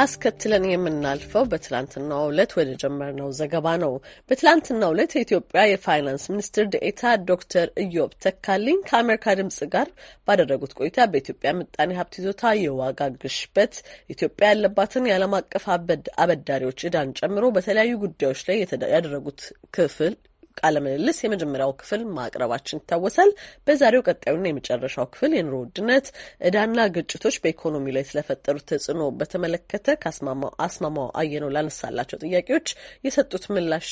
አስከትለን የምናልፈው በትላንትናው ዕለት ወደ ጀመርነው ዘገባ ነው። በትላንትናው ዕለት የኢትዮጵያ የፋይናንስ ሚኒስትር ደኤታ ዶክተር እዮብ ተካልኝ ከአሜሪካ ድምጽ ጋር ባደረጉት ቆይታ በኢትዮጵያ ምጣኔ ሀብት ይዞታ፣ የዋጋ ግሽበት፣ ኢትዮጵያ ያለባትን የዓለም አቀፍ አበዳሪዎች እዳን ጨምሮ በተለያዩ ጉዳዮች ላይ ያደረጉት ክፍል ቃለ ምልልስ የመጀመሪያው ክፍል ማቅረባችን ይታወሳል። በዛሬው ቀጣዩና የመጨረሻው ክፍል የኑሮ ውድነት፣ እዳና ግጭቶች በኢኮኖሚ ላይ ስለፈጠሩት ተጽዕኖ በተመለከተ ከአስማማው አየነው ላነሳላቸው ጥያቄዎች የሰጡት ምላሽ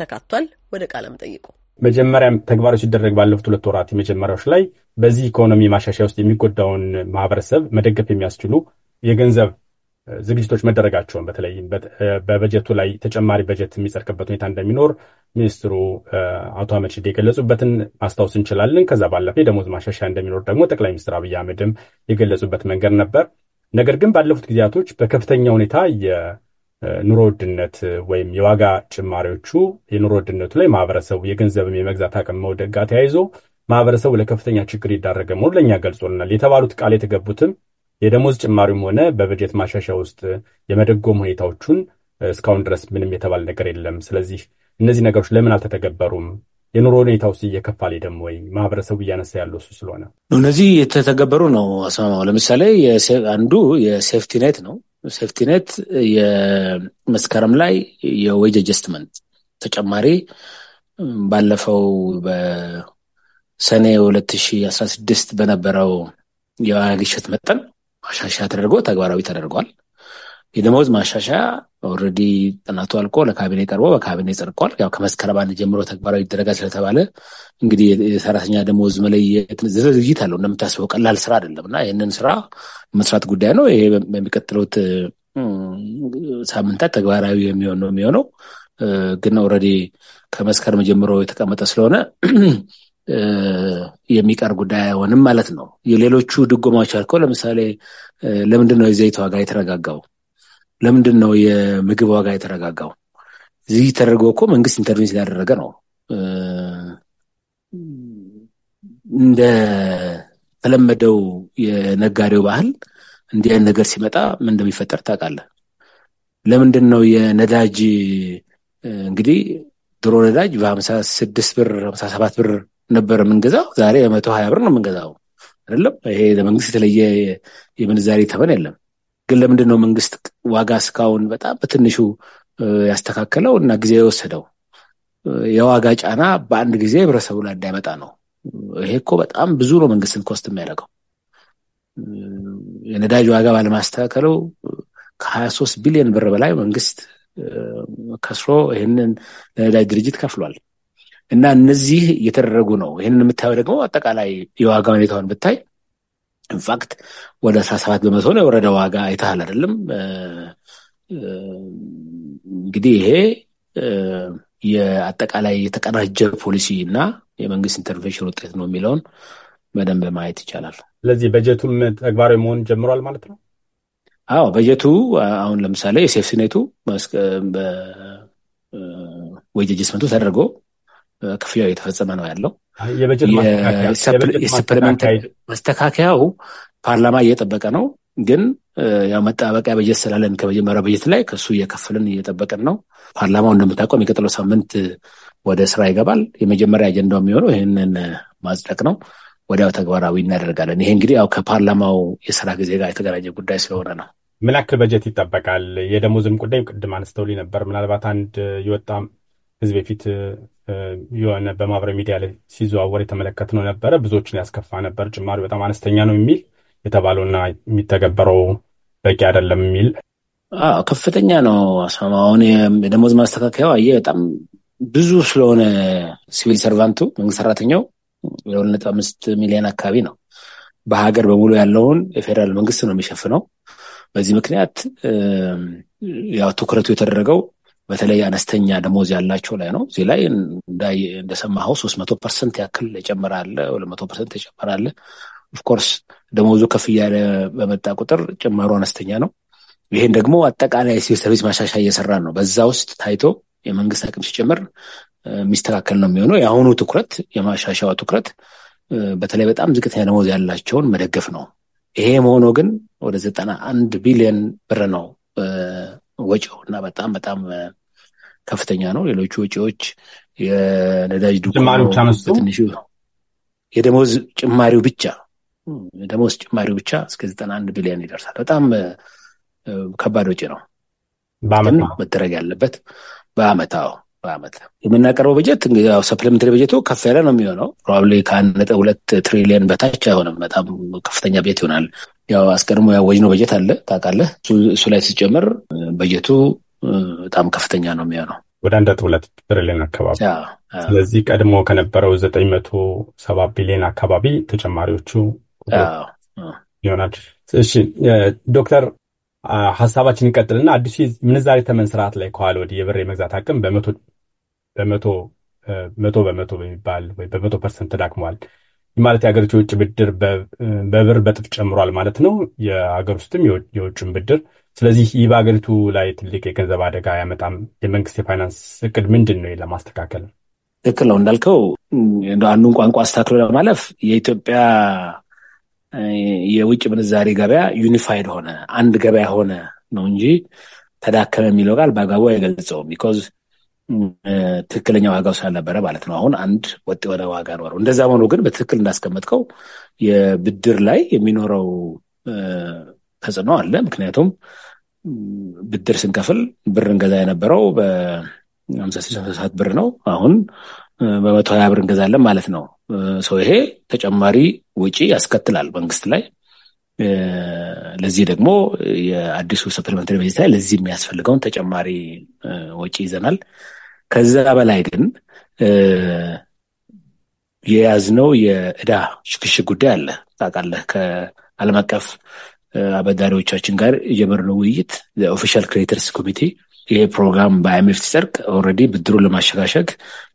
ተካቷል። ወደ ቃለም ጠይቁ። መጀመሪያም ተግባሩ ሲደረግ ባለፉት ሁለት ወራት የመጀመሪያዎች ላይ በዚህ ኢኮኖሚ ማሻሻያ ውስጥ የሚጎዳውን ማህበረሰብ መደገፍ የሚያስችሉ የገንዘብ ዝግጅቶች መደረጋቸውን በተለይ በበጀቱ ላይ ተጨማሪ በጀት የሚጸድቅበት ሁኔታ እንደሚኖር ሚኒስትሩ አቶ አህመድ ሽዴ የገለጹበትን ማስታወስ እንችላለን። ከዛ ባለፈ የደሞዝ ማሻሻያ እንደሚኖር ደግሞ ጠቅላይ ሚኒስትር አብይ አህመድም የገለጹበት መንገድ ነበር። ነገር ግን ባለፉት ጊዜያቶች በከፍተኛ ሁኔታ የኑሮ ውድነት ወይም የዋጋ ጭማሪዎቹ የኑሮ ውድነቱ ላይ ማህበረሰቡ የገንዘብም የመግዛት አቅም መውደቅ ጋር ተያይዞ ማህበረሰቡ ለከፍተኛ ችግር ይዳረገ መሆኑ ለእኛ ገልጾልናል። የተባሉት ቃል የተገቡትም የደሞዝ ጭማሪም ሆነ በበጀት ማሻሻ ውስጥ የመደጎም ሁኔታዎቹን እስካሁን ድረስ ምንም የተባለ ነገር የለም። ስለዚህ እነዚህ ነገሮች ለምን አልተተገበሩም? የኑሮ ሁኔታ ውስጥ እየከፋ ሄደም ወይ ማህበረሰቡ እያነሳ ያለው እሱ ስለሆነ እነዚህ የተተገበሩ ነው። አስማማው ለምሳሌ አንዱ የሴፍቲኔት ነው። ሴፍቲኔት የመስከረም ላይ የወጅ አጀስትመንት ተጨማሪ ባለፈው በሰኔ 2016 በነበረው የዋጋ ግሽበት መጠን ማሻሻያ ተደርጎ ተግባራዊ ተደርጓል። የደመወዝ ማሻሻያ ኦልሬዲ ጥናቱ አልቆ ለካቢኔ ቀርቦ በካቢኔ ጸድቋል። ያው ከመስከረም አንድ ጀምሮ ተግባራዊ ይደረጋል ስለተባለ እንግዲህ የሰራተኛ ደመወዝ መለየት ዝግጅት አለው። እንደምታስበው ቀላል ስራ አይደለም እና ይህንን ስራ መስራት ጉዳይ ነው። ይሄ በሚቀጥሉት ሳምንታት ተግባራዊ የሚሆን ነው የሚሆነው ግን ኦልሬዲ ከመስከረም ጀምሮ የተቀመጠ ስለሆነ የሚቀር ጉዳይ አይሆንም ማለት ነው። የሌሎቹ ድጎማዎች አልከው፣ ለምሳሌ ለምንድን ነው የዘይት ዋጋ የተረጋጋው? ለምንድን ነው የምግብ ዋጋ የተረጋጋው? እዚህ ተደርጎ እኮ መንግስት ኢንተርቪን ስላደረገ ነው። እንደ ተለመደው የነጋዴው ባህል እንዲህ አይነት ነገር ሲመጣ ምን እንደሚፈጠር ታውቃለህ። ለምንድን ነው የነዳጅ እንግዲህ ድሮ ነዳጅ በሀምሳ ስድስት ብር ሀምሳ ሰባት ብር ነበር የምንገዛው። ዛሬ በመቶ ሀያ ብር ነው የምንገዛው። አይደለም ይሄ ለመንግስት የተለየ የምንዛሬ ተመን የለም። ግን ለምንድን ነው መንግስት ዋጋ እስካሁን በጣም በትንሹ ያስተካከለው እና ጊዜ የወሰደው? የዋጋ ጫና በአንድ ጊዜ ህብረተሰቡ ላይ እንዳይመጣ ነው። ይሄ እኮ በጣም ብዙ ነው መንግስትን ኮስት የሚያደርገው። የነዳጅ ዋጋ ባለማስተካከሉ ከሀያ ሶስት ቢሊዮን ብር በላይ መንግስት ከስሮ ይህንን ለነዳጅ ድርጅት ከፍሏል። እና እነዚህ እየተደረጉ ነው። ይህንን የምታየው ደግሞ አጠቃላይ የዋጋ ሁኔታውን ብታይ ኢንፋክት ወደ አስራ ሰባት በመቶ ነው የወረደ ዋጋ አይተሃል አይደለም? እንግዲህ ይሄ የአጠቃላይ የተቀናጀ ፖሊሲ እና የመንግስት ኢንተርቬንሽን ውጤት ነው የሚለውን በደንብ ማየት ይቻላል። ስለዚህ በጀቱም ተግባራዊ መሆን ጀምሯል ማለት ነው። አዎ በጀቱ አሁን ለምሳሌ የሴፍቲኔቱ ወይ አጀስትመንቱ ተደርጎ ክፍያው እየተፈጸመ ነው ያለው። የሰፕሊመንት ማስተካከያው ፓርላማ እየጠበቀ ነው። ግን ያው መጠባበቂያ በጀት ስላለን ከመጀመሪያ በጀት ላይ ከሱ እየከፍልን እየጠበቅን ነው። ፓርላማው እንደምታውቀው የሚቀጥለው ሳምንት ወደ ስራ ይገባል። የመጀመሪያ አጀንዳው የሚሆነው ይህንን ማጽደቅ ነው። ወዲያው ተግባራዊ እናደርጋለን። ይሄ እንግዲህ ያው ከፓርላማው የስራ ጊዜ ጋር የተገናኘ ጉዳይ ስለሆነ ነው። ምን ያክል በጀት ይጠበቃል? የደሞዝም ጉዳይ ቅድም አነስተውልኝ ነበር። ምናልባት አንድ የወጣ ህዝብ የፊት የሆነ በማህበራዊ ሚዲያ ላይ ሲዘዋወር ነው ነበረ። ብዙዎችን ያስከፋ ነበር። ጭማሪ በጣም አነስተኛ ነው የሚል የተባለውና የሚተገበረው በቂ አይደለም የሚል ከፍተኛ ነው። አስማማ አሁን የደሞዝ ማስተካከያው አየህ፣ በጣም ብዙ ስለሆነ ሲቪል ሰርቫንቱ መንግስት ሰራተኛው የሁለት ነጥብ አምስት ሚሊዮን አካባቢ ነው። በሀገር በሙሉ ያለውን የፌዴራል መንግስት ነው የሚሸፍነው። በዚህ ምክንያት ያው ትኩረቱ የተደረገው በተለይ አነስተኛ ደሞዝ ያላቸው ላይ ነው። እዚህ ላይ እንደሰማኸው ሶስት መቶ ፐርሰንት ያክል ጨምራለ፣ ሁለት መቶ ፐርሰንት የጨምራለ። ኦፍኮርስ ደሞዙ ከፍ እያለ በመጣ ቁጥር ጭማሩ አነስተኛ ነው። ይሄን ደግሞ አጠቃላይ ሲቪል ሰርቪስ ማሻሻያ እየሰራ ነው። በዛ ውስጥ ታይቶ የመንግስት አቅም ሲጨምር የሚስተካከል ነው የሚሆነው። የአሁኑ ትኩረት የማሻሻዋ ትኩረት በተለይ በጣም ዝቅተኛ ደሞዝ ያላቸውን መደገፍ ነው። ይሄ መሆኖ ግን ወደ ዘጠና አንድ ቢሊዮን ብር ነው ወጪው እና በጣም በጣም ከፍተኛ ነው። ሌሎቹ ወጪዎች የነዳጅ ድንቁ የደሞዝ ጭማሪው ብቻ ደሞዝ ጭማሪው ብቻ እስከ ዘጠና አንድ ቢሊዮን ይደርሳል። በጣም ከባድ ወጪ ነው። ግን መደረግ ያለበት በአመት በአመት የምናቀርበው በጀት ሰፕሊመንታሪ በጀቱ ከፍ ያለ ነው የሚሆነው። ፕሮባብሊ ከአንድ ነጥብ ሁለት ትሪሊየን በታች አይሆንም። በጣም ከፍተኛ በጀት ይሆናል። ያው አስቀድሞ ያወጅነው በጀት አለ ታውቃለህ። እሱ ላይ ሲጨምር በጀቱ በጣም ከፍተኛ ነው የሚሆነው ወደ አንድ ነጥብ ሁለት ትሪሊዮን አካባቢ። ስለዚህ ቀድሞ ከነበረው ዘጠኝ መቶ ሰባ ቢሊዮን አካባቢ ተጨማሪዎቹ ይሆናል። እሺ ዶክተር ሀሳባችን ይቀጥልና አዲሱ ምንዛሬ ተመን ስርዓት ላይ ከኋል ወዲህ የብር የመግዛት አቅም በመቶ በመቶ በመቶ በሚባል ወይ በመቶ ፐርሰንት ተዳክመዋል። ማለት የሀገሪቱ የውጭ ብድር በብር በጥፍ ጨምሯል ማለት ነው፣ የሀገር ውስጥም የውጭም ብድር። ስለዚህ ይህ በሀገሪቱ ላይ ትልቅ የገንዘብ አደጋ ያመጣም። የመንግስት የፋይናንስ እቅድ ምንድን ነው ለማስተካከል? ትክክል ነው እንዳልከው፣ አንዱን ቋንቋ አስታክሎ ለማለፍ የኢትዮጵያ የውጭ ምንዛሬ ገበያ ዩኒፋይድ ሆነ አንድ ገበያ ሆነ ነው እንጂ ተዳከመ የሚለው ቃል በአግባቡ አይገልጸውም። ቢኮዝ ትክክለኛ ዋጋው ስላልነበረ ማለት ነው። አሁን አንድ ወጥ የሆነ ዋጋ ኖረው። እንደዛ ሆኖ ግን በትክክል እንዳስቀመጥከው የብድር ላይ የሚኖረው ተጽዕኖ አለ። ምክንያቱም ብድር ስንከፍል ብር እንገዛ የነበረው በሀምሳ ብር ነው። አሁን በመቶ ሀያ ብር እንገዛለን ማለት ነው። ሰው ይሄ ተጨማሪ ውጪ ያስከትላል መንግስት ላይ። ለዚህ ደግሞ የአዲሱ ሰፕሊመንታሪ በጀት ላይ ለዚህ የሚያስፈልገውን ተጨማሪ ወጪ ይዘናል። ከዛ በላይ ግን የያዝነው የእዳ ሽክሽክ ጉዳይ አለ። ታውቃለህ ከዓለም አቀፍ አበዳሪዎቻችን ጋር የጀመርነው ውይይት ኦፊሻል ክሬተርስ ኮሚቴ ይሄ ፕሮግራም በአይምኤፍ ሲጸድቅ ኦልሬዲ ብድሩን ለማሸጋሸግ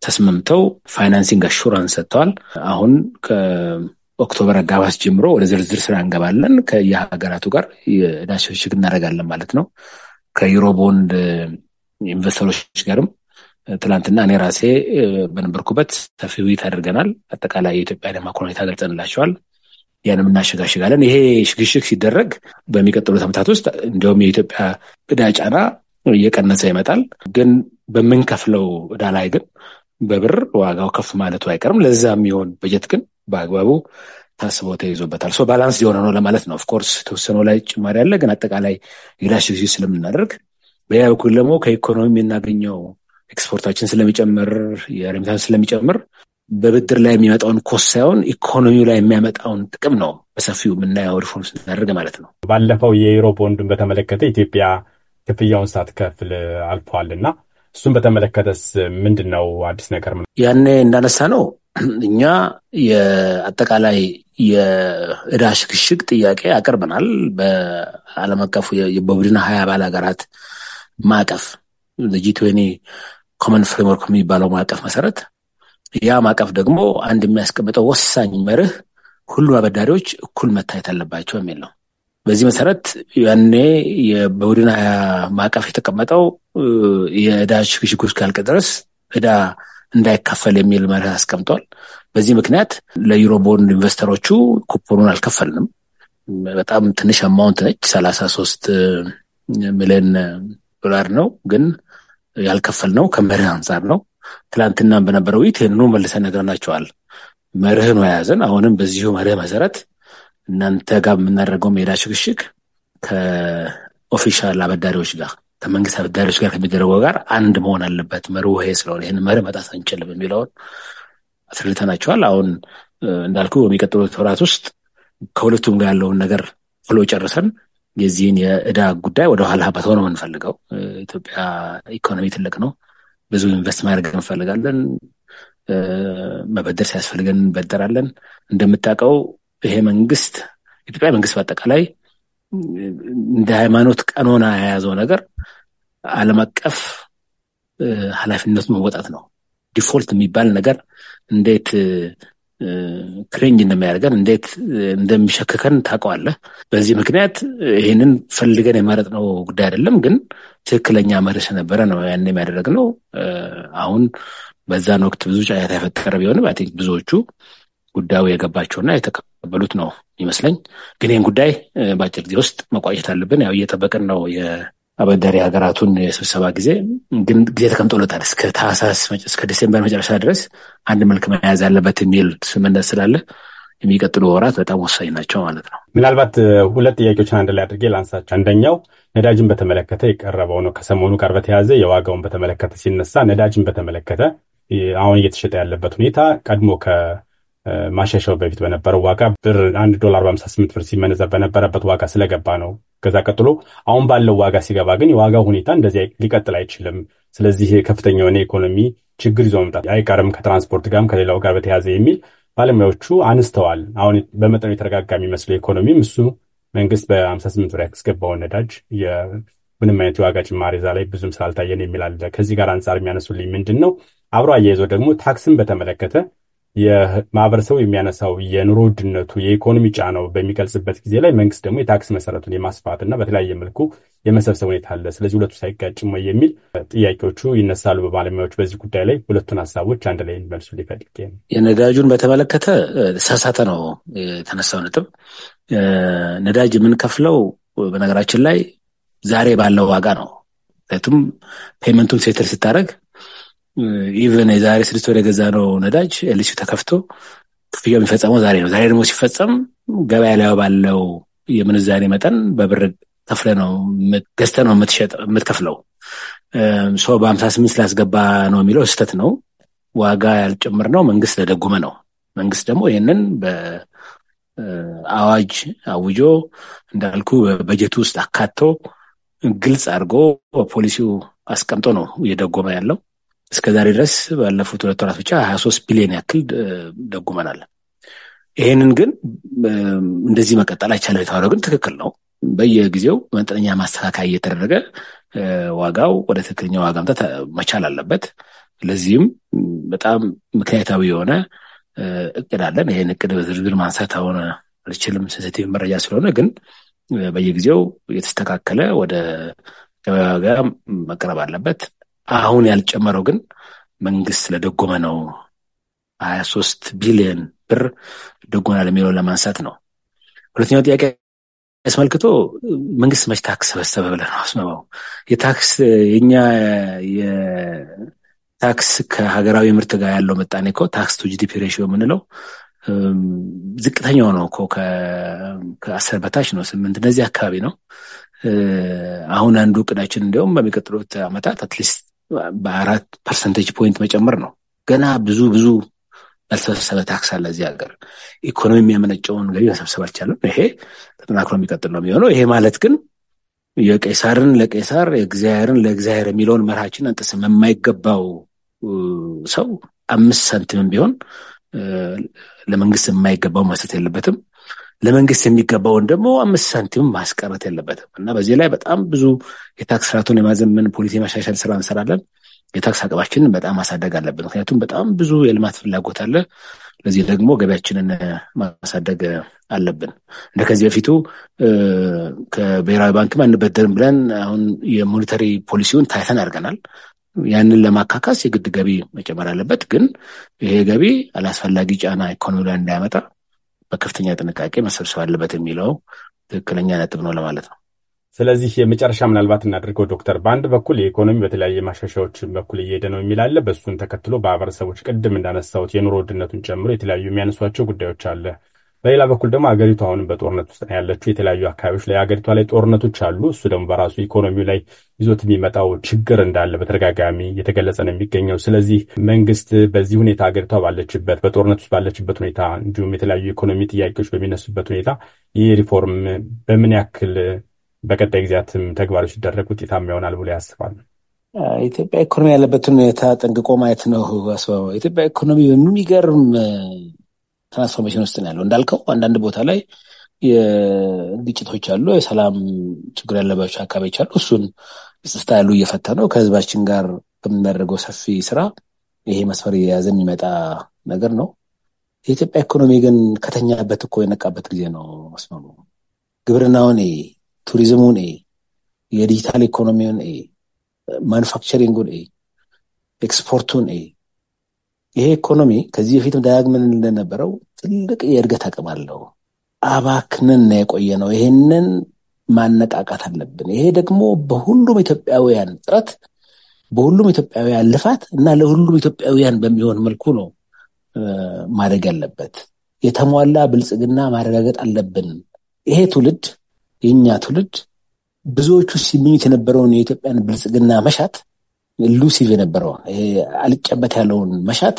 ተስማምተው ፋይናንሲንግ አሹራንስ ሰጥተዋል። አሁን ከኦክቶበር አጋባስ ጀምሮ ወደ ዝርዝር ስራ እንገባለን። ከየሀገራቱ ጋር የእዳ ሽግሽግ እናደርጋለን ማለት ነው። ከዩሮቦንድ ኢንቨስተሮች ጋርም ትላንትና እኔ ራሴ በነበርኩበት ሰፊ ውይይት አድርገናል። አጠቃላይ የኢትዮጵያ የማክሮ ሁኔታ ገልጸንላቸዋል። ያንም እናሸጋሽጋለን። ይሄ ሽግሽግ ሲደረግ በሚቀጥሉት ዓመታት ውስጥ እንዲሁም የኢትዮጵያ እዳ ጫና እየቀነሰ ይመጣል። ግን በምንከፍለው እዳ ላይ ግን በብር ዋጋው ከፍ ማለቱ አይቀርም። ለዛ የሚሆን በጀት ግን በአግባቡ ታስቦ ተይዞበታል። ባላንስ የሆነ ነው ለማለት ነው። ኦፍኮርስ ተወሰነው ላይ ጭማሪ አለ፣ ግን አጠቃላይ ሌላ ሽግሽግ ስለምናደርግ በያ በኩል ደግሞ ከኢኮኖሚ የምናገኘው ኤክስፖርታችን ስለሚጨምር የሬሚታንስ ስለሚጨምር በብድር ላይ የሚመጣውን ኮስ ሳይሆን ኢኮኖሚው ላይ የሚያመጣውን ጥቅም ነው በሰፊው የምናየው ሪፎርም ስናደርግ ማለት ነው። ባለፈው የዩሮ ቦንዱን በተመለከተ ኢትዮጵያ ክፍያውን ሳትከፍል አልፈዋል እና እሱን በተመለከተስ ምንድን ነው አዲስ ነገር? ያኔ እንዳነሳ ነው እኛ የአጠቃላይ የእዳ ሽግሽግ ጥያቄ አቅርበናል። በዓለም አቀፉ በቡድን ሀያ አባል ሀገራት ማዕቀፍ ለጂ ትዌንቲ ኮመን ፍሬምወርክ የሚባለው ማዕቀፍ መሰረት ያ ማዕቀፍ ደግሞ አንድ የሚያስቀምጠው ወሳኝ መርህ ሁሉም አበዳሪዎች እኩል መታየት አለባቸው የሚል ነው። በዚህ መሰረት ያኔ በቡድን ሀያ ማዕቀፍ የተቀመጠው የእዳ ሽግሽጎች ካልቅ ድረስ ዕዳ እንዳይከፈል የሚል መርህ አስቀምጧል። በዚህ ምክንያት ለዩሮቦንድ ኢንቨስተሮቹ ኩፖኑን አልከፈልንም። በጣም ትንሽ አማውንት ነች፣ ሰላሳ ሶስት ሚሊዮን ዶላር ነው። ግን ያልከፈል ነው ከመርህ አንጻር ነው። ትላንትና በነበረው ውይይት ይህንኑ መልሰን ነግረናቸዋል። ናቸዋል። መርህን የያዘን። አሁንም በዚሁ መርህ መሰረት እናንተ ጋር የምናደርገው ሜዳ ሽግሽግ ከኦፊሻል አበዳሪዎች ጋር ከመንግስት አበዳሪዎች ጋር ከሚደረገው ጋር አንድ መሆን አለበት። መርህ ይሄ ስለሆነ ይህን መርህ መጣት አንችልም የሚለውን አስረድተናቸዋል። አሁን እንዳልኩ በሚቀጥሉት ወራት ውስጥ ከሁለቱም ጋር ያለውን ነገር ብሎ ጨርሰን የዚህን የእዳ ጉዳይ ወደኋላ ኋላ ሆነ የምንፈልገው ኢትዮጵያ ኢኮኖሚ ትልቅ ነው። ብዙ ኢንቨስት ማድረግ እንፈልጋለን። መበደር ሲያስፈልገን እንበደራለን። እንደምታውቀው ይሄ መንግስት ኢትዮጵያ መንግስት በአጠቃላይ እንደ ሃይማኖት ቀኖና የያዘው ነገር ዓለም አቀፍ ኃላፊነቱን መወጣት ነው። ዲፎልት የሚባል ነገር እንዴት ክሬንጅ እንደሚያደርገን እንዴት እንደሚሸክከን ታውቀዋለህ። በዚህ ምክንያት ይህንን ፈልገን ነው ጉዳይ አይደለም፣ ግን ትክክለኛ መርስ ስለነበረ ነው ያን የሚያደረግ ነው። አሁን በዛን ወቅት ብዙ ጫጫታ የፈጠረ ቢሆንም አይ ቲንክ ብዙዎቹ ጉዳዩ የገባቸውና የተቀበሉት ነው ይመስለኝ። ግን ይህን ጉዳይ በአጭር ጊዜ ውስጥ መቋጨት አለብን። ያው እየጠበቅን ነው አበዳሪ ሀገራቱን የስብሰባ ጊዜ ግን ጊዜ ተቀምጦለታል እስከ ታህሳስ እስከ ዲሴምበር መጨረሻ ድረስ አንድ መልክ መያዝ አለበት የሚል ስምምነት ስላለ የሚቀጥሉ ወራት በጣም ወሳኝ ናቸው ማለት ነው። ምናልባት ሁለት ጥያቄዎችን አንድ ላይ አድርጌ ላንሳቸው። አንደኛው ነዳጅን በተመለከተ የቀረበው ነው። ከሰሞኑ ጋር በተያያዘ የዋጋውን በተመለከተ ሲነሳ ነዳጅን በተመለከተ አሁን እየተሸጠ ያለበት ሁኔታ ቀድሞ ማሻሻው በፊት በነበረው ዋጋ ብር አንድ ዶላር በ58 ብር ሲመነዘር በነበረበት ዋጋ ስለገባ ነው። ከዛ ቀጥሎ አሁን ባለው ዋጋ ሲገባ ግን የዋጋ ሁኔታ እንደዚ ሊቀጥል አይችልም። ስለዚህ ከፍተኛ የሆነ ኢኮኖሚ ችግር ይዞ መምጣት አይቀርም፣ ከትራንስፖርት ጋርም ከሌላው ጋር በተያያዘ የሚል ባለሙያዎቹ አንስተዋል። አሁን በመጠኑ የተረጋጋ የሚመስለው ኢኮኖሚም እሱ መንግስት በ58 ብር ያስገባውን ነዳጅ ምንም አይነት የዋጋ ጭማሪ እዛ ላይ ብዙም ስላልታየን የሚል አለ። ከዚህ ጋር አንጻር የሚያነሱልኝ ምንድን ነው አብሮ አያይዘው ደግሞ ታክስን በተመለከተ የማህበረሰቡ የሚያነሳው የኑሮ ውድነቱ የኢኮኖሚ ጫናው በሚገልጽበት ጊዜ ላይ መንግስት ደግሞ የታክስ መሰረቱን የማስፋት እና በተለያየ መልኩ የመሰብሰብ ሁኔታ አለ። ስለዚህ ሁለቱ ሳይጋጭም ወይ የሚል ጥያቄዎቹ ይነሳሉ በባለሙያዎች። በዚህ ጉዳይ ላይ ሁለቱን ሀሳቦች አንድ ላይ እንዲመልሱ ሊፈልግ የነዳጁን በተመለከተ ሰሳተ ነው የተነሳው ነጥብ። ነዳጅ የምንከፍለው በነገራችን ላይ ዛሬ ባለው ዋጋ ነው። ምክንያቱም ፔመንቱን ሴትል ስታደረግ ኢቨን የዛሬ ስድስት ወር የገዛ ነው ነዳጅ ኤልሲ ተከፍቶ ክፍያው የሚፈጸመው ዛሬ ነው። ዛሬ ደግሞ ሲፈጸም ገበያ ላይ ባለው የምንዛሬ መጠን በብር ከፍለ ነው ገዝተ ነው የምትከፍለው። ሰው በሀምሳ ስምንት ስላስገባ ነው የሚለው ስህተት ነው። ዋጋ ያልጨምር ነው መንግስት ለደጉመ ነው። መንግስት ደግሞ ይህንን በአዋጅ አውጆ እንዳልኩ በበጀቱ ውስጥ አካቶ ግልጽ አድርጎ ፖሊሲው አስቀምጦ ነው እየደጎመ ያለው። እስከዛሬ ድረስ ባለፉት ሁለት ወራት ብቻ ሀያ ሶስት ቢሊዮን ያክል ደጉመናል። ይህንን ግን እንደዚህ መቀጠል አይቻለ የተባለው ግን ትክክል ነው። በየጊዜው መጠነኛ ማስተካከያ እየተደረገ ዋጋው ወደ ትክክለኛ ዋጋ መምጣት መቻል አለበት። ለዚህም በጣም ምክንያታዊ የሆነ እቅድ አለን። ይህን እቅድ በዝርዝር ማንሳት አሁን አልችልም፣ ሴንሲቲቭ መረጃ ስለሆነ ግን በየጊዜው እየተስተካከለ ወደ ገበያ ዋጋ መቅረብ አለበት። አሁን ያልጨመረው ግን መንግስት ለደጎመ ነው። ሀያ ሶስት ቢሊዮን ብር ደጎና ለሚለው ለማንሳት ነው። ሁለተኛው ጥያቄ አስመልክቶ መንግስት መች ታክስ ሰበሰበ ብለህ ነው አስመባው። የታክስ የኛ የታክስ ከሀገራዊ ምርት ጋር ያለው መጣኔ እኮ ታክስ ቱ ጂዲፒ ሬሽዮ የምንለው ዝቅተኛው ነው እኮ ከአስር በታች ነው፣ ስምንት እነዚህ አካባቢ ነው። አሁን አንዱ እቅዳችን እንዲሁም በሚቀጥሉት አመታት አትሊስት በአራት ፐርሰንቴጅ ፖይንት መጨመር ነው። ገና ብዙ ብዙ ያልተሰበሰበ ታክስ አለ እዚህ ሀገር። ኢኮኖሚ የሚያመነጨውን ገቢ መሰብሰብ አልቻለም። ይሄ ተጠናክሮ የሚቀጥል ነው የሚሆነው። ይሄ ማለት ግን የቄሳርን ለቄሳር የእግዚአብሔርን ለእግዚአብሔር የሚለውን መርሃችን አንጥስም። የማይገባው ሰው አምስት ሳንቲምም ቢሆን ለመንግስት የማይገባው መስጠት የለበትም። ለመንግስት የሚገባውን ደግሞ አምስት ሳንቲም ማስቀረት የለበትም እና በዚህ ላይ በጣም ብዙ የታክስ ስርዓቱን የማዘመን ፖሊሲ የማሻሻል ስራ እንሰራለን። የታክስ አቅማችንን በጣም ማሳደግ አለብን። ምክንያቱም በጣም ብዙ የልማት ፍላጎት አለ። ለዚህ ደግሞ ገቢያችንን ማሳደግ አለብን። እንደ ከዚህ በፊቱ ከብሔራዊ ባንክም አንበደርም ብለን አሁን የሞኒተሪ ፖሊሲውን ታይተን አድርገናል። ያንን ለማካካስ የግድ ገቢ መጨመር አለበት። ግን ይሄ ገቢ አላስፈላጊ ጫና ኢኮኖሚ ላይ እንዳያመጣ በከፍተኛ ጥንቃቄ መሰብሰብ አለበት የሚለው ትክክለኛ ነጥብ ነው ለማለት ነው። ስለዚህ የመጨረሻ ምናልባት እናድርገው ዶክተር፣ በአንድ በኩል የኢኮኖሚ በተለያየ ማሻሻያዎችን በኩል እየሄደ ነው የሚላለ በእሱን ተከትሎ በማህበረሰቦች ቅድም እንዳነሳሁት የኑሮ ውድነቱን ጨምሮ የተለያዩ የሚያነሷቸው ጉዳዮች አለ። በሌላ በኩል ደግሞ አገሪቱ አሁንም በጦርነት ውስጥ ነው ያለችው። የተለያዩ አካባቢዎች ላይ አገሪቷ ላይ ጦርነቶች አሉ። እሱ ደግሞ በራሱ ኢኮኖሚው ላይ ይዞት የሚመጣው ችግር እንዳለ በተደጋጋሚ እየተገለጸ ነው የሚገኘው። ስለዚህ መንግስት በዚህ ሁኔታ አገሪቷ ባለችበት በጦርነት ውስጥ ባለችበት ሁኔታ እንዲሁም የተለያዩ ኢኮኖሚ ጥያቄዎች በሚነሱበት ሁኔታ ይህ ሪፎርም በምን ያክል በቀጣይ ጊዜያትም ተግባሮች ሲደረግ ውጤታማ ይሆናል ብሎ ያስባል? ኢትዮጵያ ኢኮኖሚ ያለበትን ሁኔታ ጠንቅቆ ማየት ነው አስባባ። ኢትዮጵያ ኢኮኖሚ በሚገርም ትራንስፎርሜሽን ውስጥ ነው ያለው። እንዳልከው አንዳንድ ቦታ ላይ ግጭቶች አሉ፣ የሰላም ችግር ያለባቸው አካባቢዎች አሉ። እሱን ጽስታ ያሉ እየፈታ ነው። ከህዝባችን ጋር በምናደርገው ሰፊ ስራ ይሄ መስመር የያዘ የሚመጣ ነገር ነው። የኢትዮጵያ ኢኮኖሚ ግን ከተኛበት እኮ የነቃበት ጊዜ ነው። መስመሩ ግብርናውን፣ ቱሪዝሙን፣ የዲጂታል ኢኮኖሚውን፣ ማኑፋክቸሪንጉን፣ ኤክስፖርቱን ይሄ ኢኮኖሚ ከዚህ በፊትም ደጋግመን እንደነበረው ትልቅ የእድገት አቅም አለው። አባክነን ነው የቆየ ነው። ይሄንን ማነቃቃት አለብን። ይሄ ደግሞ በሁሉም ኢትዮጵያውያን ጥረት፣ በሁሉም ኢትዮጵያውያን ልፋት እና ለሁሉም ኢትዮጵያውያን በሚሆን መልኩ ነው ማደግ ያለበት። የተሟላ ብልጽግና ማረጋገጥ አለብን። ይሄ ትውልድ የእኛ ትውልድ ብዙዎቹ ሲመኙት የነበረውን የኢትዮጵያን ብልጽግና መሻት ሉሲቭ የነበረውን ይሄ አልጨበት ያለውን መሻት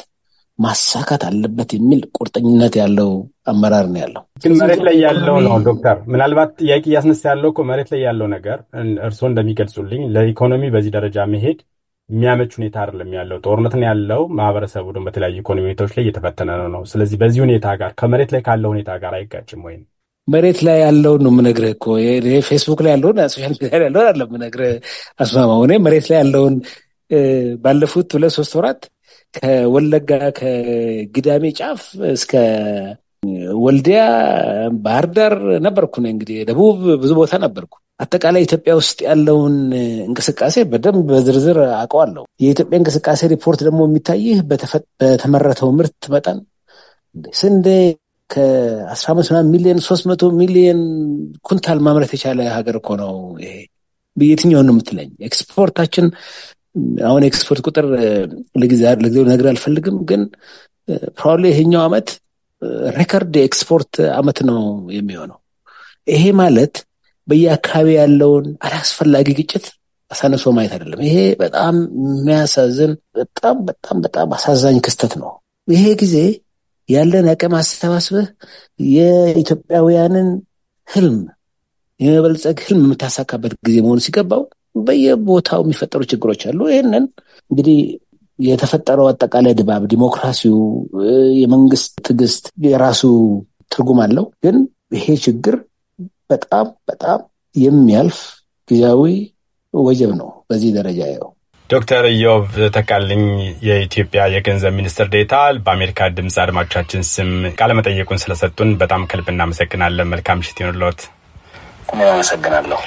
ማሳካት አለበት የሚል ቁርጠኝነት ያለው አመራር ነው ያለው። ግን መሬት ላይ ያለው ነው ዶክተር፣ ምናልባት ጥያቄ እያስነሳ ያለው እኮ መሬት ላይ ያለው ነገር እርስዎ እንደሚገልጹልኝ ለኢኮኖሚ በዚህ ደረጃ መሄድ የሚያመች ሁኔታ አይደለም ያለው። ጦርነት ነው ያለው። ማህበረሰቡ ደግሞ በተለያዩ ኢኮኖሚ ሁኔታዎች ላይ እየተፈተነ ነው ነው። ስለዚህ በዚህ ሁኔታ ጋር ከመሬት ላይ ካለው ሁኔታ ጋር አይጋጭም ወይም መሬት ላይ ያለውን ነው የምነግርህ እኮ ፌስቡክ ላይ ያለውን ሶሻል ሚዲያ ያለውን አለ የምነግርህ አስማማ። እኔ መሬት ላይ ያለውን ባለፉት ሁለት ሶስት ወራት ከወለጋ ከግዳሜ ጫፍ እስከ ወልዲያ፣ ባህር ዳር ነበርኩ። ነ እንግዲህ ደቡብ ብዙ ቦታ ነበርኩ። አጠቃላይ ኢትዮጵያ ውስጥ ያለውን እንቅስቃሴ በደንብ በዝርዝር አውቀዋለሁ። የኢትዮጵያ እንቅስቃሴ ሪፖርት ደግሞ የሚታይህ በተመረተው ምርት መጠን ስንዴ ከአስራ አምስት ሚሊዮን ሶስት መቶ ሚሊዮን ኩንታል ማምረት የቻለ ሀገር እኮ ነው ይሄ። የትኛውን ነው የምትለኝ? ኤክስፖርታችን አሁን ኤክስፖርት ቁጥር ለጊዜው ነገር አልፈልግም፣ ግን ፕሮባብሊ ይሄኛው አመት ሬከርድ የኤክስፖርት አመት ነው የሚሆነው። ይሄ ማለት በየአካባቢ ያለውን አላስፈላጊ ግጭት አሳንሶ ማየት አይደለም። ይሄ በጣም የሚያሳዝን በጣም በጣም በጣም አሳዛኝ ክስተት ነው። ይሄ ጊዜ ያለን አቅም አስተባስበህ የኢትዮጵያውያንን ህልም የመበልጸግ ህልም የምታሳካበት ጊዜ መሆኑ ሲገባው በየቦታው የሚፈጠሩ ችግሮች አሉ። ይህንን እንግዲህ የተፈጠረው አጠቃላይ ድባብ፣ ዲሞክራሲው፣ የመንግስት ትዕግስት የራሱ ትርጉም አለው። ግን ይሄ ችግር በጣም በጣም የሚያልፍ ጊዜያዊ ወጀብ ነው። በዚህ ደረጃ ያው ዶክተር ኢዮብ ተካልኝ የኢትዮጵያ የገንዘብ ሚኒስትር ዴታ በአሜሪካ ድምፅ አድማጮቻችን ስም ቃለመጠየቁን ስለሰጡን በጣም ከልብ እናመሰግናለን። መልካም ምሽት ይኑሎት። እኔ አመሰግናለሁ።